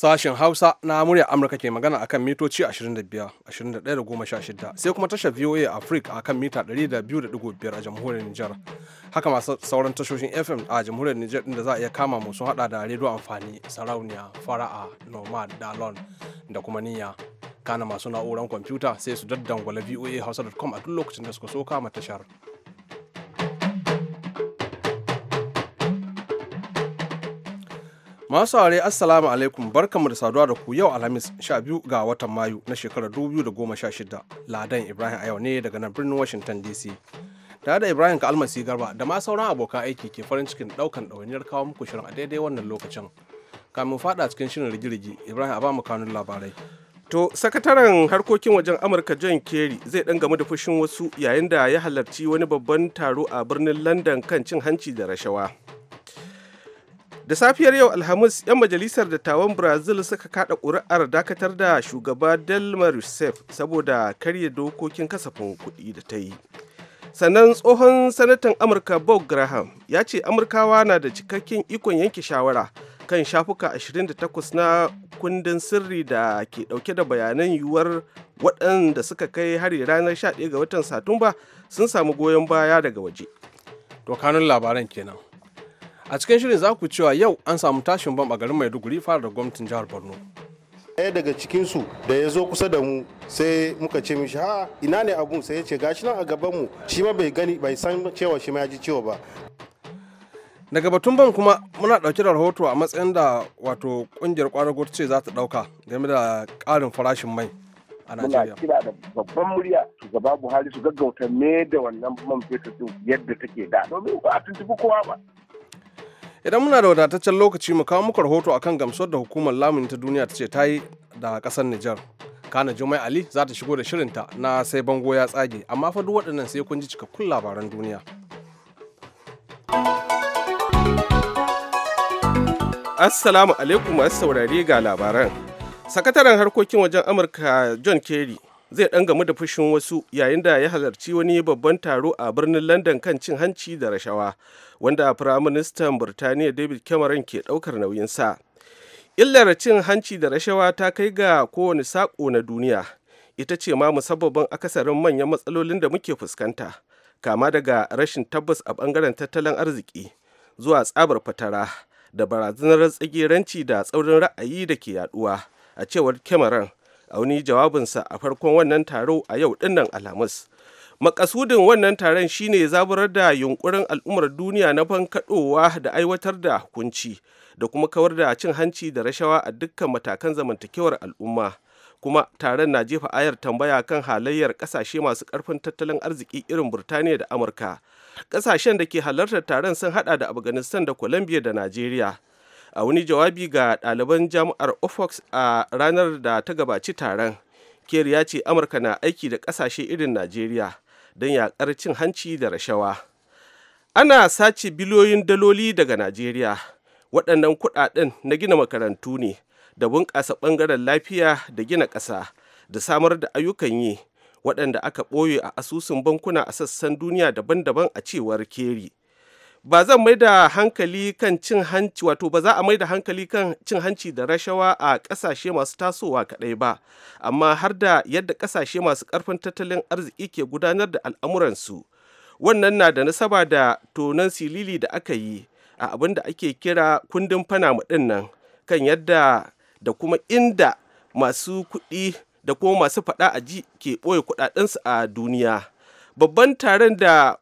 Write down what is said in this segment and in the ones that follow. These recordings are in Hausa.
Sashen Hausa na murya Amurka ke magana akan mitoci 25, 21 sai kuma tashar VOA Africa akan mita 200.5 a jamhuriyar Nijar. Haka masu sauran tashoshin FM a jamhuriyar Nijar da za a iya kama mu sun hada da rediyo amfani, sarauniya, fara'a, nomad, dalon da kuma niyya. Kana masu na'uran kwamfuta sai su daddangwala voa hausa.com a duk lokacin da suka so kama tashar. Masu aure Assalamu alaikum barkamu da saduwa da ku yau Alhamis biyu ga watan Mayu na shekarar goma sha shida Ladan Ibrahim a yau ne daga nan birnin Washington DC. Tare da Ibrahim ka almasi garba da ma sauran abokan aiki ke farin cikin daukan ɗawainiyar kawo muku shirin a daidai wannan lokacin. Kamin fada cikin shirin rigirigi Ibrahim a bamu mu kanun labarai. To, sakataren harkokin wajen Amurka John Kerry zai ɗan gamu da fushin wasu yayin da ya halarci wani babban taro a birnin London kan cin hanci da rashawa. da safiyar yau alhamis 'yan majalisar dattawan brazil suka kada ƙuri'ar dakatar da shugaba delma rousseff saboda karya dokokin kasafin kuɗi da ta yi sannan tsohon sanatan amurka bob graham ya ce amurkawa na da cikakken ikon yanke shawara kan shafuka 28 na kundin sirri da ke dauke da bayanan yiwuwar waɗanda suka kai hari ranar 11 ga watan satumba sun samu goyon baya daga waje. to kanun labaran kenan a cikin shirin za ku cewa yau an samu tashin bam a garin maiduguri fara da gwamnatin jihar borno ɗaya daga cikinsu da ya zo kusa da mu sai muka ce mishi ha ina ne abun sai ya ce gashi nan a gaban mu shi ma bai gani bai san cewa shi ma ya ji ciwo ba daga batun ban kuma muna ɗauke da rahoto a matsayin da wato ƙungiyar gwamnati ce za ta ɗauka game da ƙarin farashin mai a Najeriya. Muna kira da babban murya su shugaba Buhari su gaggauta me da wannan man fetur yadda take da domin ba a tuntubi kowa ba. idan muna da wadataccen lokaci mu kawo muku rahoto akan gamsuwar da hukumar lamuni ta duniya ta ce ta yi da kasar Nijar. Kana Jumai Ali za ta shigo da shirinta na sai bango ya tsage amma fa duk waɗannan sai kun ji cikakkun labaran duniya. Assalamu alaikum masu saurare ga labaran. Sakataren harkokin wajen Amurka John Kerry zai ɗan gamu da fushin wasu yayin da ya halarci wani babban taro a birnin london kan cin hanci da rashawa wanda firaministan birtaniya david cameron ke ɗaukar nauyinsa illar cin hanci da rashawa ta kai ga kowane saƙo na duniya ita ce ma musabbabin akasarin manyan matsalolin da muke fuskanta kama daga rashin tabbas a bangaren tattalin arziki zuwa tsabar fatara da barazanar tsagiranci da tsaurin ra'ayi da ke yaduwa a cewar cameron a wani jawabinsa a farkon wannan taro a yau dinnan alhamis makasudin wannan taron shine zaburar da yunkurin al'ummar duniya na bankaɗowa da aiwatar da hukunci da kuma kawar da cin hanci da rashawa a dukkan matakan zamantakewar al'umma kuma taron na jefa ayar tambaya kan halayyar kasashe masu karfin tattalin arziki irin burtaniya da amurka kasashen da ke halartar taron sun hada da afghanistan da colombia da nigeria. a wani jawabi ga ɗaliban jami'ar ofox a ranar da ta gabaci taron ker ya ce amurka na aiki da ƙasashe irin najeriya don yaƙar cin hanci da rashawa ana sace biliyoyin daloli daga najeriya waɗannan kuɗaɗen na gina makarantu ne da bunƙasa ɓangaren lafiya da gina ƙasa da samar da ayyukan yi waɗanda aka ɓoye a asusun bankuna a sassan duniya daban-daban a cewar keri ba zan mai da hankali kan cin hanci wato ba za a mai da hankali kan cin hanci da rashawa a kasashe masu tasowa kaɗai ba amma har da yadda ƙasashe masu karfin tattalin arziki ke gudanar da al'amuransu wannan na da nasaba da tonon silili da aka yi a abin da ake kira kundin panama ɗin nan kan yadda da kuma inda masu kuɗi da kuma masu faɗa a ji ke ɓoye kuɗaɗensu a duniya babban taron da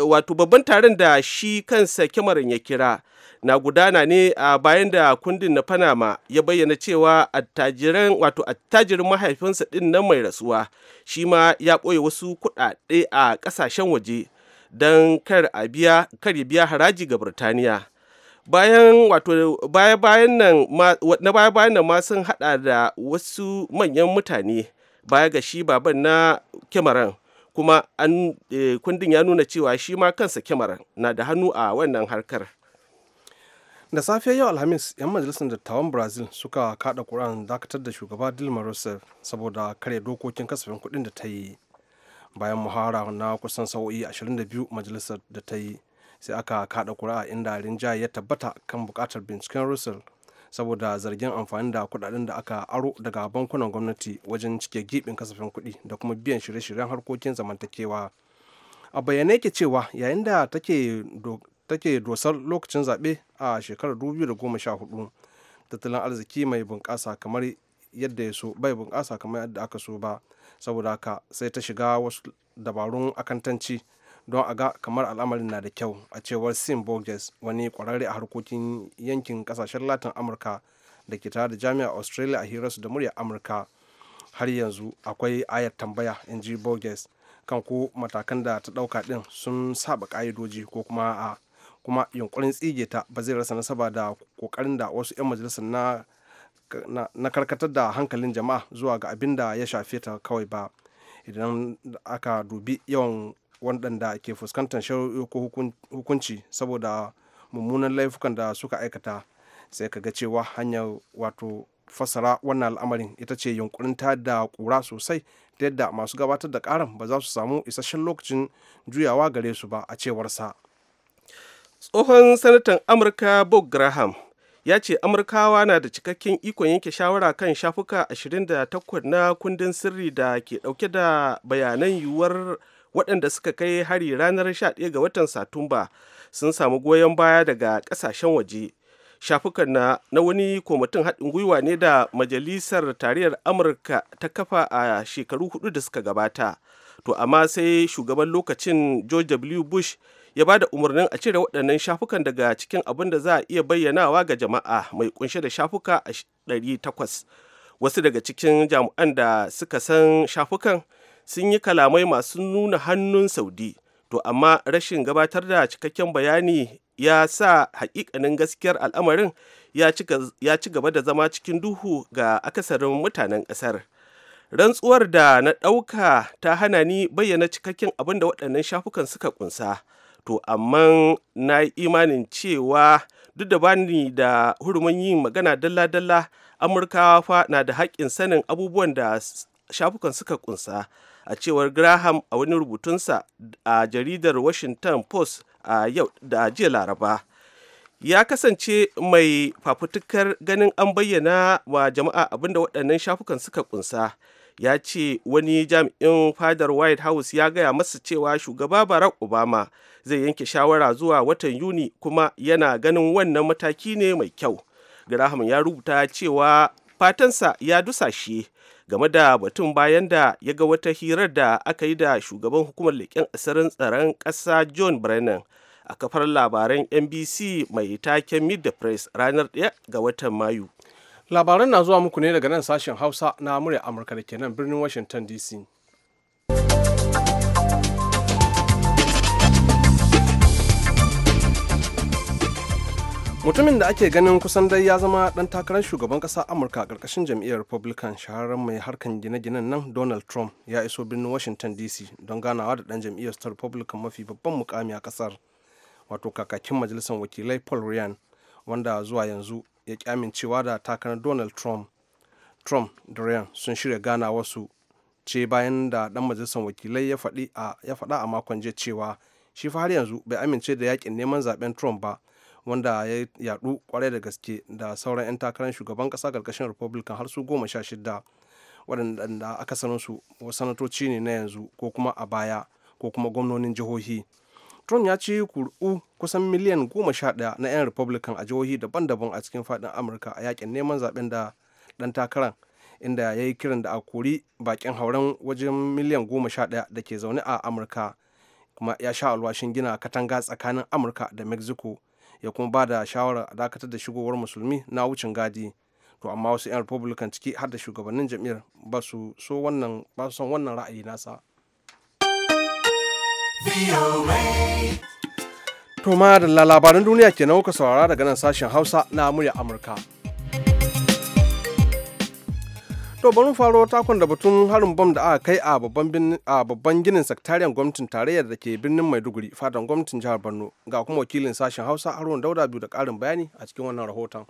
wato babban taron da shi kansa kyamarin ya kira na gudana ne a bayan da kundin na panama ya bayyana cewa attajiran wato attajirin mahaifinsa din nan mai rasuwa shi ma ya ɓoye wasu kuɗaɗe a ƙasashen waje don kar a biya kar ya biya haraji ga birtaniya bayan wato bayan nan na baya bayan nan ma sun hada da wasu manyan mutane baya ga shi baban na kyamaran kuma an eh, kundin ya nuna cewa shi ma kansa kyamara na da hannu a wannan harkar da safe yau alhamis 'yan majalisar dattawan brazil suka kada kuran dakatar da shugaba dilma rousseff saboda kare dokokin kasafin kudin da ta yi bayan muhara na kusan sa'o'i 22 majalisar da ta yi sai aka kada kura inda rinjaye ya tabbata kan bukatar binciken russell saboda zargin amfani da kuɗaɗen da aka aro daga bankunan gwamnati wajen cike gibin kasafin kuɗi da kuma biyan shirye-shiryen harkokin zamantakewa a bayyane ke cewa yayin da take dosar lokacin zaɓe a shekarar 2014 tattalin arziki mai bunƙasa kamar yadda ya so bai bunƙasa kamar yadda aka so ba saboda haka sai ta shiga wasu dabarun akantanci don a ga kamar al'amarin na da kyau a cewar sim borges wani kwararre a harkokin yankin kasashen latin amurka da ke tare da jami'a australia a hirarsu da murya amurka har yanzu akwai ayar tambaya in ji borges kan ko matakan da ta ɗauka ɗin sun saba ka'idoji ko kuma a kuma yunkurin tsige ta ba zai rasa nasaba da kokarin da wasu 'yan majalisar na na karkatar da hankalin jama'a zuwa ga abin da ya shafe ta kawai ba idan aka dubi yawan waɗanda ke fuskantar shari'a ko hukunci saboda mummunan laifukan da suka aikata sai ka ga cewa hanyar wato fassara wannan al'amarin ita ce yunkurin ta da ƙura sosai ta yadda masu gabatar da karan ba za su samu isasshen lokacin juyawa gare su ba a cewar sa. tsohon sanatan amurka bob graham ya ce amurkawa na da cikakken ikon yanke shawara kan shafuka 28 na kundin sirri da ke dauke da bayanan yiwuwar waɗanda suka kai hari ranar 11 ga watan satumba sun samu goyon baya daga ƙasashen waje shafukan na, na wani kwamitin haɗin gwiwa ne da majalisar tarayyar amurka ta kafa a shekaru hudu da suka gabata to amma sai shugaban lokacin george w bush ya ba da umarnin a cire waɗannan shafukan daga cikin abin da za a iya bayyanawa ga jama'a mai kunshe da shafuka a 800 wasu daga cikin jami'an da suka san shafukan sun yi kalamai masu nuna hannun saudi to amma rashin gabatar da cikakken bayani ya sa hakikanin gaskiyar al'amarin ya ci gaba da zama cikin duhu ga akasarin mutanen ƙasar rantsuwar da na ɗauka ta hana ni bayyana cikakken abin da waɗannan shafukan suka kunsa to amma na yi imanin cewa duk da bani da hurumin yin magana dalla-dalla amurkawa fa na da haƙƙin sanin abubuwan da shafukan suka ƙunsa a cewar graham a wani rubutunsa a jaridar washington post a yau da jiya laraba ya kasance mai fafutukar ganin an bayyana wa jama'a abinda waɗannan shafukan suka kunsa ya ce wani jami'in fadar white house ya gaya masa cewa shugaba barack obama zai yanke shawara zuwa watan yuni kuma yana ganin wannan mataki ne mai kyau graham ya rubuta cewa fatansa ya dusashe game da batun bayan da ya ga wata hirar da aka yi da shugaban hukumar leƙen asirin tsaron ƙasa john brennan a kafar labaran nbc mai taken mid the press ranar ɗaya ga watan mayu labaran na zuwa muku ne daga nan sashen hausa na murya amurka da kenan birnin washington dc mutumin da ake ganin kusan dai ya zama dan takarar shugaban kasa amurka a karkashin jam'iyyar republican shahararren mai harkan gine-ginen nan donald trump ya iso birnin washington dc don ganawa da dan jam'iyyar ta republican mafi babban mukami a kasar wato kakakin majalisar wakilai paul ryan wanda zuwa yanzu ya ki amincewa da takarar donald trump trump da ryan sun shirya wasu ce bayan da dan majalisar wakilai ya faɗa a makon jiya cewa shi fa har yanzu bai amince da yakin neman zaben trump ba wanda ya yadu kwarai da gaske da sauran 'yan takarar shugaban kasa karkashin republican har su goma sha shida waɗanda aka su sanatoci ne na yanzu ko kuma a baya ko kuma gwamnonin jihohi trump ya ci kuri'u kusan miliyan goma sha ɗaya na 'yan republican a jihohi daban-daban a cikin faɗin amurka a yakin neman zaɓen da ɗan takarar inda ya yi kiran da a kori bakin hauren wajen miliyan goma sha ɗaya da ke zaune a amurka kuma ya sha alwashin gina katanga tsakanin amurka da mexico ya kuma ba da shawarar a dakatar da shigowar musulmi na wucin gadi to amma wasu 'yan republican ciki har da shugabannin jam'iyyar ba su so wannan ba su son wannan ra'ayi nasa to ma da labaran duniya kenan kuka saurara daga nan sashen hausa na murya amurka To bari faro takon da batun harin bom da aka kai a babban ginin sakataren gwamnatin tarayyar da ke birnin Maiduguri fadan gwamnatin jihar Borno ga kuma wakilin sashen Hausa Haruna Dauda biyu da karin bayani a cikin wannan rahoton.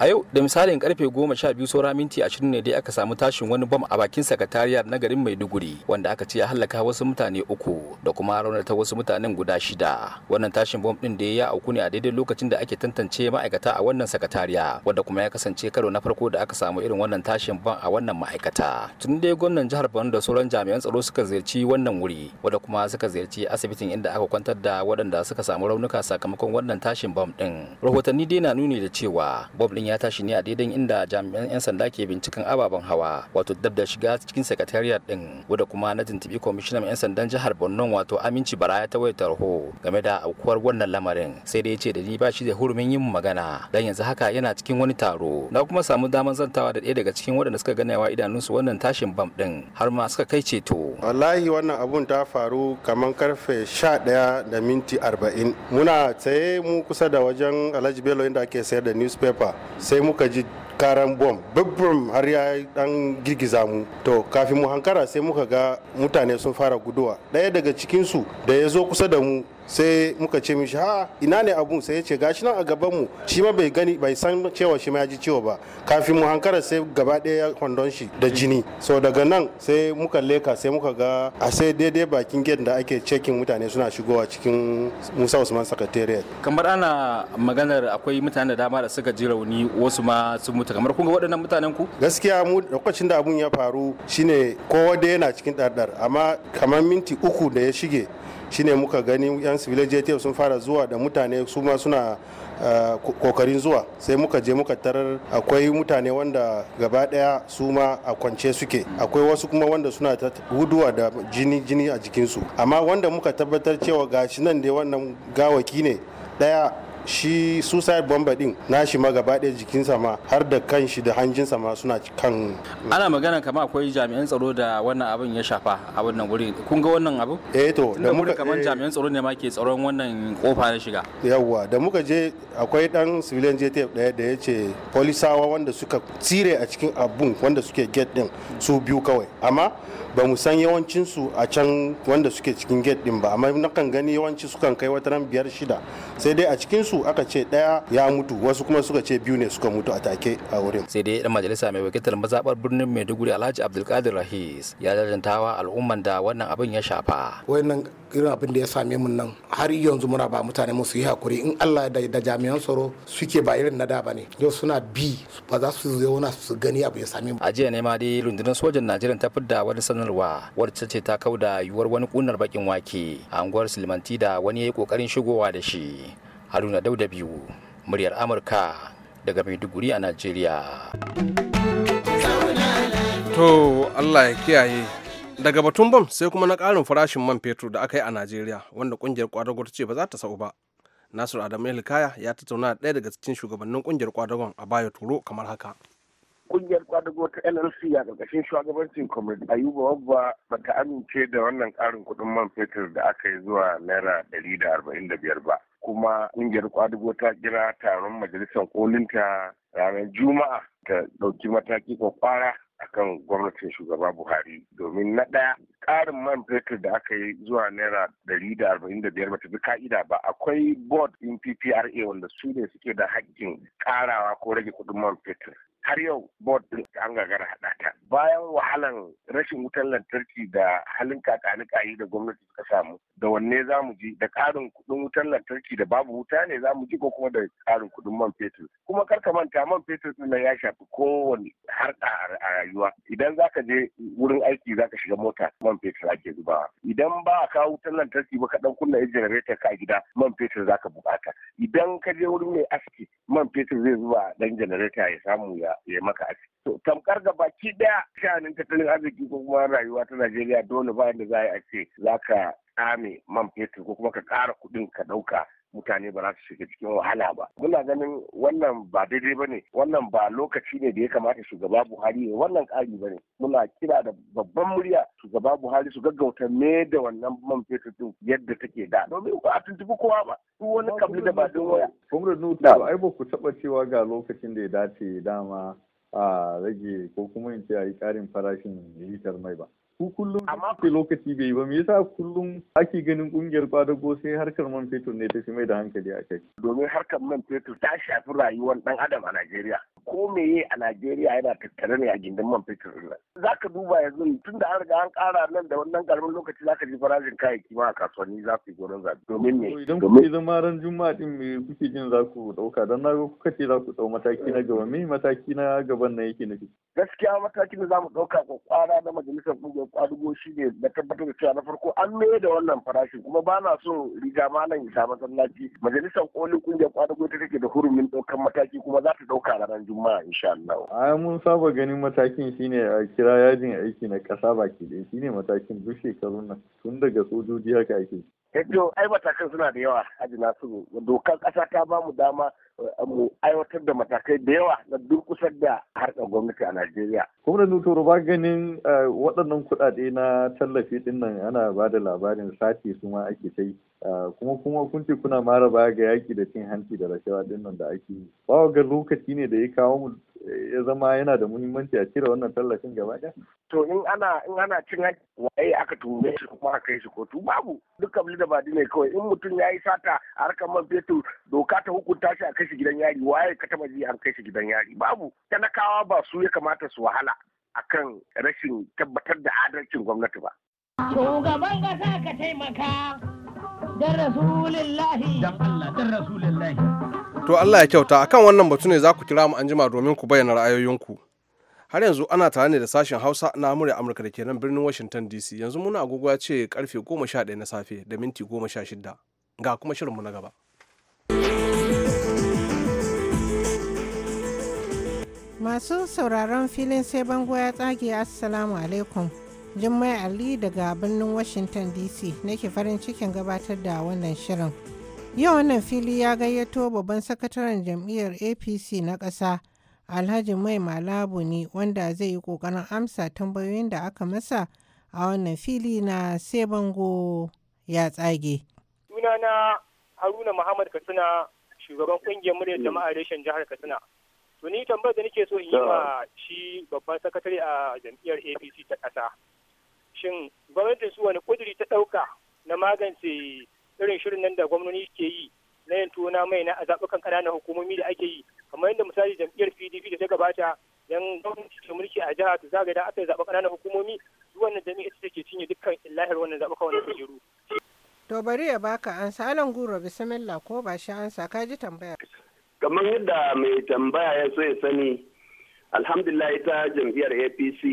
A yau da misalin karfe goma sha biyu saura minti ashirin ne dai aka samu tashin wani bam a bakin sakatariya na garin Maiduguri wanda aka ce ya halaka wasu mutane uku da kuma raunata wasu mutanen guda shida. Wannan tashin bam din da ya auku ne a daidai lokacin da ake tantance ma'aikata a wannan sakatariya wanda kuma ya kasance karo na farko da aka samu irin wannan tashin bam a wannan ma'aikata. Tun dai gwamnan jihar Borno da sauran jami'an tsaro suka ziyarci wannan wuri wanda kuma suka ziyarci asibitin inda aka kwantar da waɗanda suka samu raunuka sakamakon wannan tashin bam din. Rahotanni dai na nuni da cewa bam din Harbin ya tashi ne a daidan inda jami'an 'yan sanda ke binciken ababen hawa wato dab da shiga cikin sakatariyar din wadda kuma na tuntubi kwamishinan 'yan sandan jihar Borno wato Aminci Baraya ta wayar tarho game da aukuwar wannan lamarin sai dai ya ce da ni ba shi da hurumin yin magana dan yanzu haka yana cikin wani taro na kuma samu damar zantawa da ɗaya daga cikin waɗanda suka wa idanunsu wannan tashin bam din har ma suka kai ceto wallahi wannan abun ta faru kamar karfe 11 da minti 40 muna tsaye mu kusa da wajen Alhaji Bello inda ake sayar da newspaper sai muka ji karan bom bibbim har ya dan girgiza mu to kafin mu hankara sai muka ga mutane sun fara guduwa ɗaya daga cikinsu da ya zo kusa da mu sai muka ce mishi ha ina ne abun sai ya ce gashi nan a gaban mu shi ma bai gani bai san cewa shi ma ya ji ciwo ba kafin mu hankara sai gaba ɗaya kwandon shi da jini so daga nan sai muka leka sai muka ga a sai daidai bakin gate da ake checking mutane suna shigowa cikin Musa Usman Secretariat kamar ana maganar akwai mutane da dama da suka ji rauni wasu ma sun mutu ta kamar kun ga waɗannan mutanen ku gaskiya mu lokacin da abun ya faru shine kowa da yana cikin ɗarɗar amma kamar minti uku da ya shige shine muka gani yan civil jtf sun fara zuwa da mutane su ma suna eh, kokarin zuwa sai muka je muka tarar akwai mutane wanda gaba daya su ma a kwance suke akwai wasu kuma wanda suna ta guduwa da jini jini a jikinsu amma wanda muka tabbatar cewa gashi nan da wannan gawaki ne daya shi suicide bomber din nashi ma gaba ɗaya jikin sama har da kanshi da hanjinsa ma suna kan ana magana kama akwai jami'an tsaro da wannan abin ya shafa a wannan wuri kun ga wannan abu eh to da muka kaman eh. jami'an tsaro ne ma ke tsaron wannan kofa na shiga yawwa da muka je akwai dan civilian JTF daya da ya ce polisawa wanda suka tsire a cikin abun wanda suke gate din su biyu kawai amma ba mu san yawancin su a can wanda suke cikin gate din ba amma nakan gani yawanci sukan kai wataran biyar shida sai dai a cikin su aka ce daya ya mutu wasu kuma suka ce biyu ne suka mutu a take a wurin sai dai dan majalisa mai wakiltar mazabar birnin Maiduguri Alhaji Abdulkadir Rahis ya jajantawa al'umman da wannan abin ya shafa wannan irin abin da ya same mu nan har yanzu muna ba mutane mu su yi hakuri in Allah da jami'an tsaro suke ba irin na da bane yau suna bi ba za su zauna su gani abu ya same mu a jiya ne ma dai rundunar sojan Najeriya ta fidda wani sanarwa wacce ce ta kauda yuwar wani kunar bakin wake a unguwar Silmanti da wani ya yi kokarin shigowa da shi haruna dauda biyu muryar amurka daga maiduguri a najeriya to allah ya kiyaye daga batun bam sai kuma na ƙarin farashin man fetur da aka yi a najeriya wanda ƙungiyar kwadago ta ce ba za ta sau ba nasiru adamu hilkaya ya tattauna ɗaya daga cikin shugabannin ƙungiyar kwadagon a baya turo kamar haka kungiyar kwadago ta NLC a ƙarƙashin shugabancin comrade ayuba wabba bata amince da wannan ƙarin kuɗin man fetur da aka yi zuwa naira ɗari da arba'in da biyar ba kuma kungiyar kwadago ta kira taron majalisar kolinta ranar juma'a ta ɗauki mataki kwakwara kan gwamnatin shugaba buhari domin na ɗaya ƙarin man fetur da aka yi zuwa naira ɗari da arba'in da biyar bata bi ka'ida ba akwai board in ppra wanda su ne suke da haƙƙin ƙarawa ko rage kuɗin man fetur har yau board din an gagara haɗa ta bayan wahalan rashin wutar lantarki da halin kakani kayi da gwamnati suka samu da wanne za mu ji da ƙarin kuɗin wutar lantarki da babu wuta ne za mu ji ko kuma da ƙarin kuɗin man fetur kuma karka manta man fetur din ya shafi kowane harka a rayuwa idan zaka je wurin aiki zaka shiga mota man fetur ake zubawa idan ba a kawo wutar lantarki ba ka dan kunna generator ka gida man fetur zaka bukata idan ka je wurin mai aski man fetur zai zuwa dan janareta ya samu ya yi maka aski. To tamkar da baki daya shanin tattalin arziki ko kuma rayuwa ta Najeriya dole bayan da za a ce za ka tsame man fetur ko kuma ka kara kuɗin ka ɗauka mutane ba za su shiga cikin wahala ba muna ganin wannan ba daidai ba ne wannan ba lokaci ne da ya kamata shugaba buhari ne wannan ƙari ba ne muna kira da babban murya shugaba buhari su gaggauta me da wannan man fetur din yadda take da domin ba a tuntubi kowa ba Su wani kabli da ba don waya. Kumrud Da. ai ba ku taɓa cewa ga lokacin da ya dace dama a rage ko kuma in ce a yi ƙarin farashin litar mai ba. ku kullum amma fi lokaci bai yi ba me yasa kullum ake ganin kungiyar kwadago sai harkar man fetur ne ta fi mai da hankali a kai domin harkar man fetur ta shafi rayuwar dan adam a Najeriya ko meye a Najeriya yana tattare ne a gindin man fetur nan. Za ka duba yanzu tun da an riga an kara nan da wannan karamin lokaci za ka ji farashin kayayyaki ma a kasuwanni za su yi goron zaɓe domin me. Idan kuke zama ran juma'a din me kuke jin za ku ɗauka don na ga kuka ce za ku ɗau mataki na gaba me mataki na gaban na yake nufi. Gaskiya matakin da za mu ɗauka kwana na majalisar ƙungiyar ƙwadugo shi ne na tabbatar da cewa na farko an maye da wannan farashin kuma ba na son riga ma nan isa masallaci majalisar ƙolin ƙungiyar ƙwadugo ta take da hurumin ɗaukan mataki kuma za ta ɗauka ranar juma'a insha Allah a mun saba ganin matakin shine a kira yajin aiki na kasa baki ɗaya shine matakin duk shekarun nan tun daga sojoji haka ake Edo, eh, ai matakan suna da yawa Haji Nasiru. Dokar ƙasa ta ba mu dama eh, mu aiwatar da matakai da yawa na durkusar da harkar gwamnati a Najeriya. Kuma da ba ganin eh, waɗannan kuɗaɗe na tallafi ɗin nan ana ba da labarin sati su ma ake ta yi. Kuma kuma kun ce kuna mara baya ga yaƙi da cin hanci da rashawa ɗin nan da ake yi. Bawa ga lokaci ne da ya kawo mu ya zama yana da muhimmanci a cire wannan tallafin gaba ɗaya? To in ana in ana cin haƙƙi waye aka tume shi kuma aka kai shi kotu babu duk kabli da badi ne kawai in mutum ya yi sata a harkar man fetur doka ta hukunta shi a kai shi gidan yari waye ka taba ji an kai shi gidan yari babu talakawa ba su ya kamata su wahala akan rashin tabbatar da adalcin gwamnati ba. Shugaban ƙasa ka taimaka Dan Rasulillahi. Dan Allah dan Rasulillahi. To Allah ya kyauta akan wannan batu ne za ku kira mu anjima domin ku bayyana ra'ayoyinku. Har yanzu ana tare ne da sashen Hausa na Amurka Amurka da ke nan birnin Washington DC. Yanzu muna agogo ya ce karfe 11 na safe da minti 16. Ga kuma shirinmu na gaba. Masu sauraron filin sai bango ya tsage Assalamu alaikum. Jummai Ali daga birnin Washington DC nake farin cikin gabatar da wannan shirin. Yau wannan fili ya gayyato babban sakataren jam'iyyar APC na ƙasa Alhaji Mai Malabu ne wanda zai yi ƙoƙarin amsa tambayoyin da aka masa a wannan fili na sai bango ya tsage. Sunana Haruna Muhammad Katsina shugaban kungiyar muryar mm. jama'a reshen jihar Katsina. To ni tambayar da nake so in yi ma shi babban sakatare a jam'iyyar APC ta ƙasa. Shin gwamnatin su wani kuduri ta ɗauka na magance irin shirin nan da gwamnoni ke yi na yin tuna mai na a zaɓukan ƙananan hukumomi da ake yi kamar yadda misali jam'iyyar pdp da ta gabata yan gwamnati ke mulki a jiha ta zaga da aka zaɓa ƙananan hukumomi wannan jami'a ita take cinye dukkan illahir wannan zaɓuka wannan kujeru. to bari ya baka an salon guro bismillah ko ba shi an ka ji tambaya. kamar yadda mai tambaya ya so ya sani alhamdulillah ita jam'iyyar apc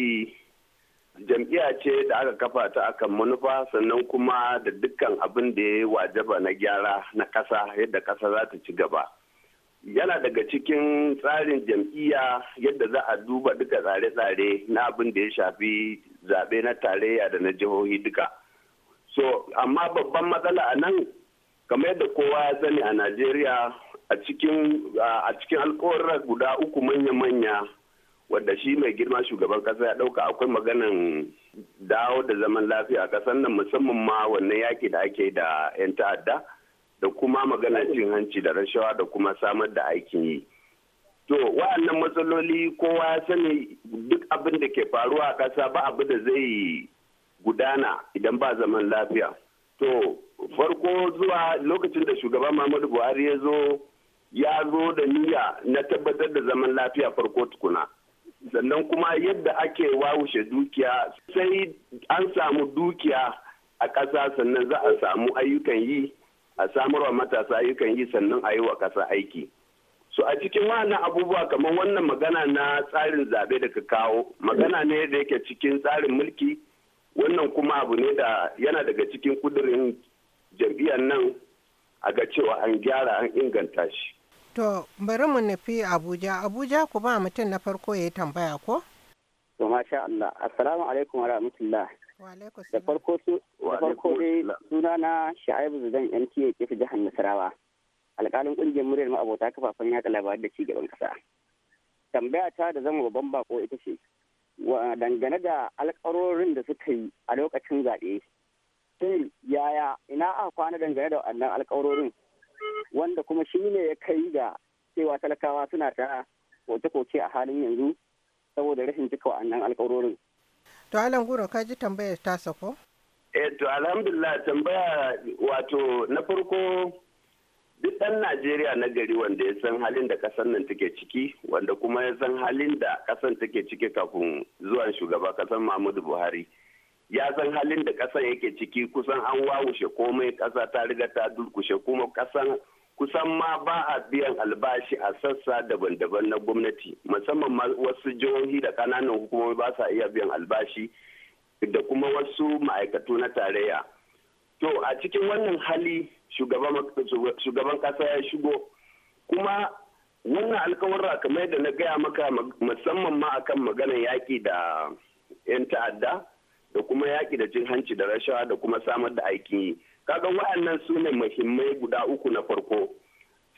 jam'iyya ce da aka kafa ta akan manufa sannan kuma da dukkan abin da ya wajaba na gyara na ƙasa yadda kasa za ta ci gaba yana daga cikin tsarin jam'iyya yadda za a duba duka tsare-tsare na abin da ya shafi zaɓe na tarayya da na jihohi duka so amma babban matsala a nan kamar yadda kowa ya sani a najeriya a cikin alkawarar guda uku manya-manya wanda shi mai girma shugaban kasa ya dauka akwai maganan dawo da zaman lafiya a kasan nan musamman ma wannan yaki da ake da 'yan ta'adda da kuma maganar cin hanci da rashawa da kuma samar da aikin yi to wa'annan matsaloli kowa ya sani duk abin da ke faruwa a kasa ba abu da zai gudana idan ba zaman lafiya to farko zuwa lokacin da shugaban muhammadu buhari ya zo ya zo da niyya na tabbatar da zaman lafiya farko tukuna sannan kuma yadda ake wawushe dukiya sai an samu dukiya a ƙasa sannan za a samu ayyukan yi a samarwa matasa ayyukan yi sannan a yi wa ƙasa aiki so a cikin wannan abubuwa kamar wannan magana na tsarin zaɓe da ka kawo magana ne da yake cikin tsarin mulki wannan kuma abu ne da yana daga cikin kudirin jam'iyyar nan a ga cewa an gyara an inganta shi To bari mu nufi Abuja. Abuja ku ba mutum na farko ya yi tambaya ko? To masha Allah. Assalamu alaikum wa rahmatullah. Da farko dai suna na Sha'ibu Zudan MTA kifi jihar Nasarawa. Alƙalin ƙungiyar muryar ma'abota kafafen yaɗa labarai da cigaban ƙasa. Tambaya ta da zama babban bako ita ce. Dangane da alƙarorin da suka yi a lokacin zaɓe. sai yaya ina aka kwana dangane da wannan alƙarorin wanda kuma shi ne ya kai ga cewa talakawa suna ta koke-koke a halin yanzu saboda rashin cika wa'annan alkawarorin. To Alan Guro ka ji tambayar ta sako. Eh to alhamdulillah tambaya wato na farko duk ɗan Najeriya na gari wanda ya san halin da ƙasar nan take ciki wanda kuma ya san halin da ƙasar take ciki kafin zuwan shugaba ƙasar Muhammadu Buhari ya san halin da ƙasa yake ciki kusan an wawushe komai ƙasa ta riga ta durkushe kuma ƙasan kusan ma ba a biyan albashi a sassa daban-daban na gwamnati musamman ma wasu jihohi da kananan hukumomi ba sa iya biyan albashi da kuma wasu ma'aikatu na tarayya to a cikin wannan hali shugaban ƙasa ya shigo kuma wannan alkawarra kamar da na gaya maka musamman ma akan maganar yaƙi da 'yan ta'adda da kuma yaƙi da cin hanci da rashawa da kuma samar da aikin yi kaga waɗannan su ne muhimmai guda uku na farko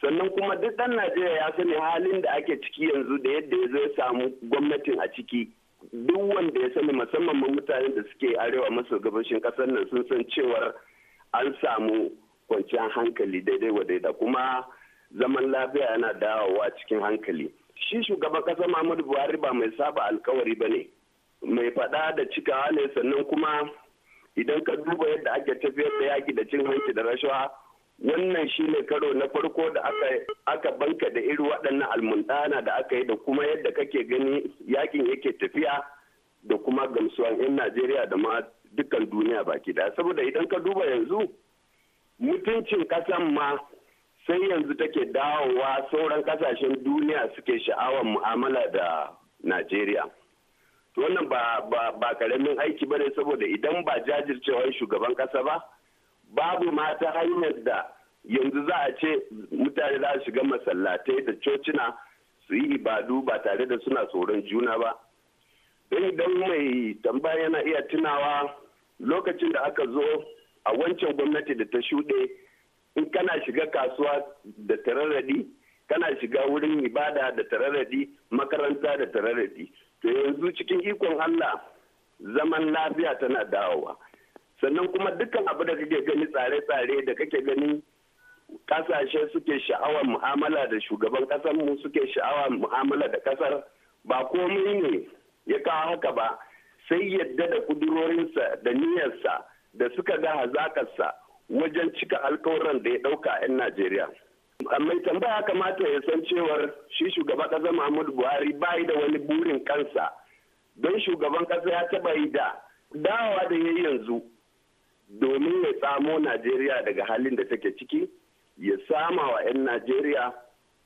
sannan kuma duk ɗan najeriya ya sani halin da ake ciki yanzu da yadda ya zai samu gwamnatin a ciki duk wanda ya sani musamman ma mutanen da suke arewa maso gabashin ƙasar nan sun san cewar an samu kwanciyar hankali daidai wa daidai kuma zaman lafiya yana dawowa cikin hankali shi shugaban ƙasa muhammadu buhari ba mai saba alkawari ba ne mai faɗa da cika ne sannan kuma idan ka duba yadda ake tafiyar da yaki da cin hanci da rashawa wannan shi ne karo na farko da aka banka da iri waɗannan almundana da aka yi da kuma yadda kake gani yakin yake tafiya da kuma gamsuwan 'yan najeriya da ma dukkan duniya baki daya saboda idan ka duba yanzu mutuncin ƙasan ma sai yanzu take dawowa sauran ƙasashen duniya suke sha'awar mu'amala da najeriya wannan ba ba karamin aiki bane saboda idan ba jajircewa shugaban kasa ba babu mata hanyar da yanzu za a ce mutane za a shiga masallatai da cocina su yi ibadu ba tare da suna tsoron juna ba don idan mai tambaya yana iya tunawa lokacin da aka zo a wancan gwamnati da ta shuɗe in kana shiga kasuwa da tararradi kana shiga wurin ibada da tararradi makaranta da tararradi to yanzu cikin ikon Allah zaman lafiya tana dawowa sannan kuma dukkan abu da kake gani tsare-tsare da kake gani kasashe suke sha'awar mu'amala da shugaban kasar mu suke sha'awar mu'amala da kasar ba komai ne ya kawo haka ba sai yadda da kudurorinsa da niyarsa da suka ga hazakarsa wajen cika alkawuran da ya ɗauka 'yan Najeriya. mai tambaya kamata ya san cewar shi shugaban ƙasa muhammadu buhari bayi da wani burin kansa don shugaban ƙasa ya taɓa yi da dawa da ya yanzu domin ya tsamo najeriya daga halin da take ciki ya sama wa 'yan najeriya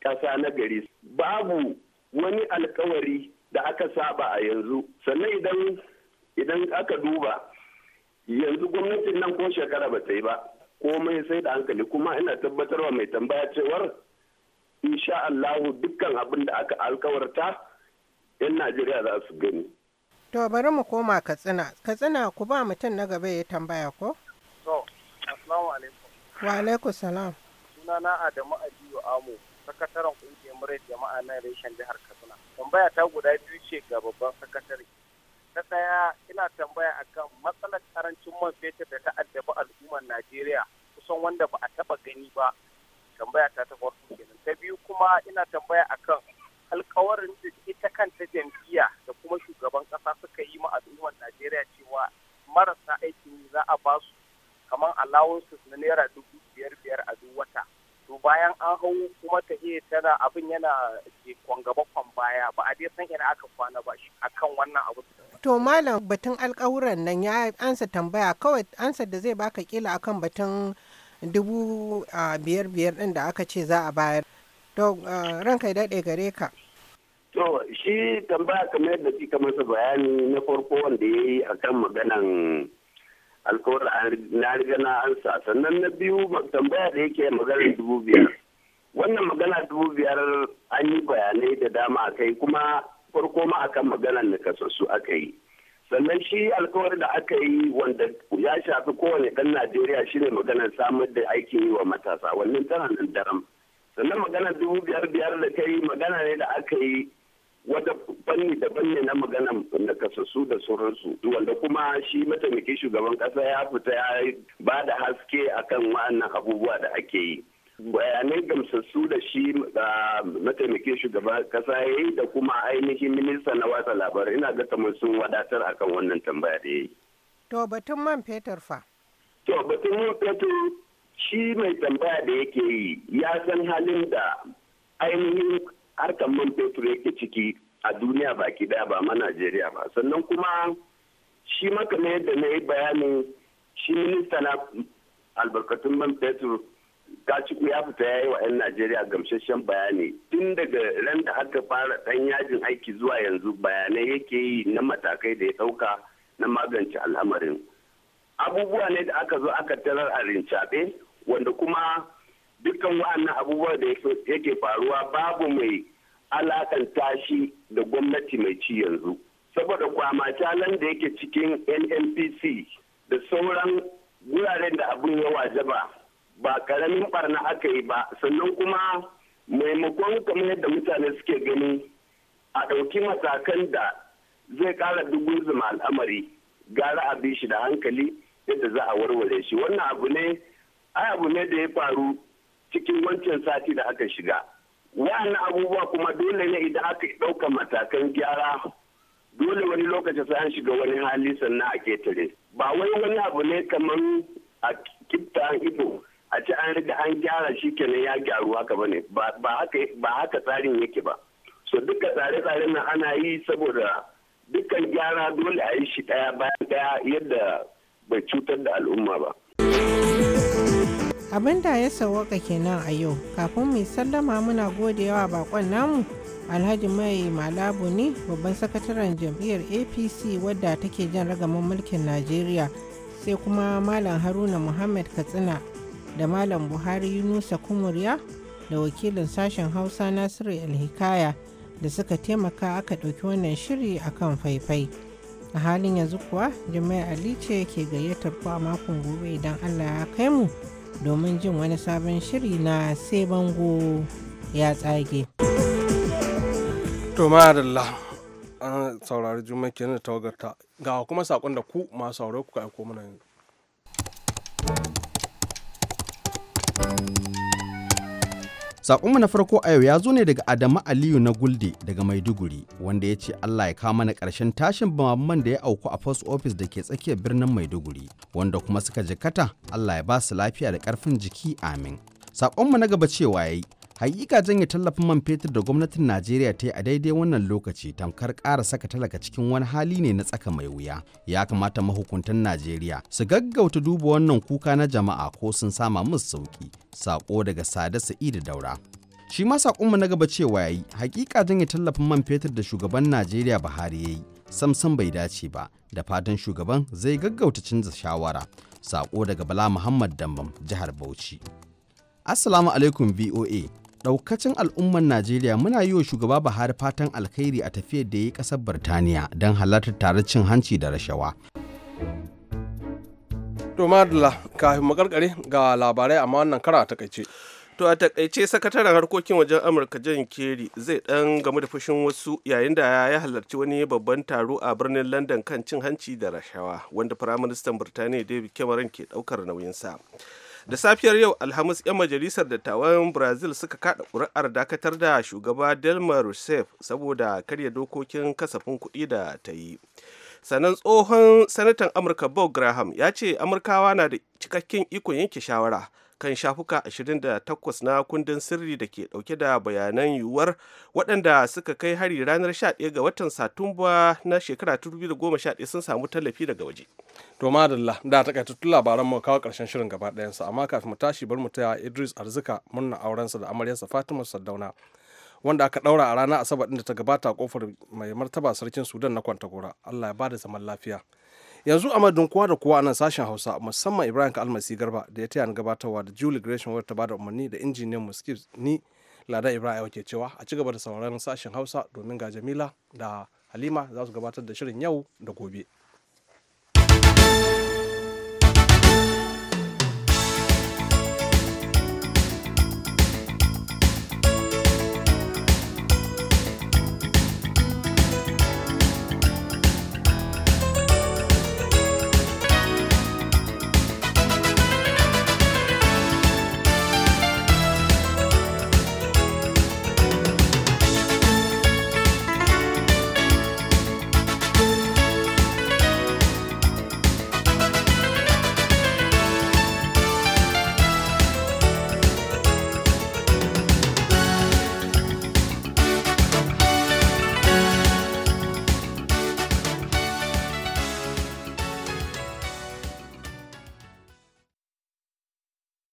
ƙasa na gari babu wani alkawari da aka saba a yanzu sannan idan idan aka duba yanzu gwamnatin nan ko shekara ba ta yi ba komai sai da hankali kuma ina tabbatarwa mai tambaya cewar insha Allahu dukkan abin da aka alkawarta 'yan Najeriya za su gani. To bari mu koma Katsina. Katsina ku ba mutum na gaba ya tambaya ko? To, Assalamu alaikum. Wa alaikum salam. Sunana Adamu Aliyu Amu sakataren kungiyar murai jama'a na reshen jihar Katsina. Tambaya ta guda biyu ce ga babban sakatare. ta ɗaya ina tambaya akan matsalar karancin man fetur da ta addabi al'ummar najeriya kusan wanda ba a taba gani ba tambaya ta ta farko kenan ta biyu kuma ina tambaya akan alkawarin da ita kanta jam'iyya da kuma shugaban ƙasa suka yi ma al'ummar najeriya cewa marasa aikin za a basu kamar allowances na naira dubu biyar biyar a duk wata to bayan an hau kuma ta iya tana abin yana ke gaba baya ba a dai san ina aka kwana ba shi akan wannan abu to malam batun alkawuran nan ya ansa tambaya kawai ansa da zai baka kila akan batun dubu biyar biyar din da aka ce za a bayar to ranka ya daɗe gare ka to shi tambaya kamar yadda kika masa bayani na farko wanda ya yi akan maganan alkawar na riga na ansa sannan na biyu tambaya da yake maganar dubu biyar wannan magana dubu biyar an yi bayanai da dama a kai kuma farko ma akan maganar nakasassu aka yi sannan shi alkawar da aka yi wanda ya shafi kowane ɗan najeriya shine maganar samar da aikin yi wa matasa wannan tana nan daram sannan maganar dubu biyar biyar da ta yi magana ne da aka yi wata fanni daban ne na na nakasassu da sauransu wanda kuma shi mataimakin shugaban kasa ya fita ya ba da haske akan wa'annan abubuwa da ake yi bayanai gamsassu da shi mataimakin shugaban kasa ya yi da kuma ainihin minista na watsa labarai ina ga kamar sun wadatar akan wannan tambaya da ya yi. To batun man fetur fa? To batun man fetur shi mai tambaya da yake yi ya san halin da ainihin harkar man fetur yake ciki a duniya baki daya ba ma Najeriya ba sannan kuma shi maka ne yadda na yi bayanin shi minista na albarkatun man fetur gaciku ya fita ya yi wa 'yan Najeriya gamsasshen bayani tun daga ran da aka fara ɗan yajin aiki zuwa yanzu bayanai yake yi na matakai da ya ɗauka na magance al'amarin abubuwa ne da aka zo aka tarar a rincaɓe wanda kuma dukkan wa'annan abubuwa da yake faruwa babu mai alakanta shi da gwamnati mai ci yanzu saboda kwamatalan da yake cikin nnpc da sauran wuraren da abin ya wajaba ba karamin barna aka yi ba sannan kuma maimakon kamar yadda mutane suke gani a ɗauki matakan da zai ƙara dubu zuma al'amari gara a bi shi da hankali yadda za a warware shi wannan abu ne ai abu ne da ya faru cikin wancan sati da aka shiga wa'annan abubuwa kuma dole ne idan aka ɗauka matakan gyara dole wani lokaci sai an shiga wani hali sannan a ketare ba wai wani abu ne kamar a kipta an ido a ci an riga an gyara shi kenan ya gyaru haka bane ba haka tsarin yake ba so duka tsare-tsaren nan ana yi saboda dukkan gyara dole a yi shi ɗaya bayan ɗaya yadda bai cutar da al'umma ba abin da ya sawaka kenan a yau kafin mu sallama muna godewa bakon namu alhaji mai malabu ne babban sakataren jam'iyyar apc wadda take jan ragaman mulkin najeriya sai kuma malam haruna muhammad katsina da malam buhari yunusa kumurya da wakilin sashen hausa nasiru alhikaya da suka taimaka aka ɗauki wannan shiri a kan faifai a halin yanzu kuwa jami'a ali ce ke gayyatar ku a makon gobe idan allah ya kai mu domin jin wani sabon shiri na sai bango ya tsage. To ma'adalla an saurari juma kenan da tawagarta ga kuma sakon da ku masu saurari kuka aiko mana yanzu. Saƙonmu na farko a yau ya zo ne daga Adamu Aliyu na Gulde daga Maiduguri wanda ya ce Allah ya kawo mana ƙarshen tashin bamaman da ya auku a post office da ke tsakiyar birnin Maiduguri wanda kuma suka jikata Allah ya ba su lafiya da ƙarfin jiki amin. Saƙonmu na gaba cewa ya yi. hakika janye tallafin man fetur da gwamnatin najeriya ta yi a daidai wannan lokaci tamkar ƙara saka talaka cikin wani hali ne na tsaka mai wuya ya kamata mahukuntan najeriya su gaggauta duba wannan kuka na jama'a ko sun sama musu sauki saƙo daga sada sa'idu daura shi ma sakonmu na gaba cewa ya yi hakika janye tallafin man fetur da shugaban najeriya buhari ya yi samsam bai dace ba da fatan shugaban zai gaggauta canza shawara saƙo daga bala muhammad dambam jihar bauchi assalamu alaikum voa daukacin al'ummar najeriya muna yi wa shugaba buhari fatan alkhairi a tafiyar da ya yi kasar birtaniya don halartar tare cin hanci da rashawa to madalla kafin makarkare ga labarai amma wannan kara a takaice to a takaice sakataren harkokin wajen amurka jan keri zai dan game da fushin wasu yayin da ya halarci wani babban taro a birnin london kan cin hanci da rashawa wanda firaministan birtaniya david cameron ke daukar nauyinsa. sa da safiyar yau alhamis 'yan majalisar dattawan brazil suka kada ƙuri'ar dakatar da shugaba delmar rousseff saboda karya dokokin kasafin kuɗi da ta yi sannan tsohon sanatan amurka bob graham ya ce amurkawa na da cikakken ikon yanke shawara kan shafuka 28 na kundin sirri da ke dauke da bayanan yiwuwar waɗanda suka kai hari ranar 11 ga watan satumba na shekara 2011 sun samu tallafi daga waje. to madalla da ta kaitattun labaran mu kawo karshen shirin gaba ɗayansa amma kafin mu tashi bar mu taya idris arzika murna aurensa da sa fatima sardauna wanda aka ɗaura a ranar asabar ɗin da ta gabata a kofar mai martaba sarkin sudan na kwantagora allah ya ba da zaman lafiya yanzu a madadin kowa da kowa a nan sashen hausa musamman ibrahim kalmasi garba da ya taya ni gabatarwa da julie gresham wadda ta bada umarni da injiniyan muskif ni lada ibrahim ke cewa a ci gaba da sauraron sashen hausa domin ga jamila da halima za su gabatar da shirin yau da gobe.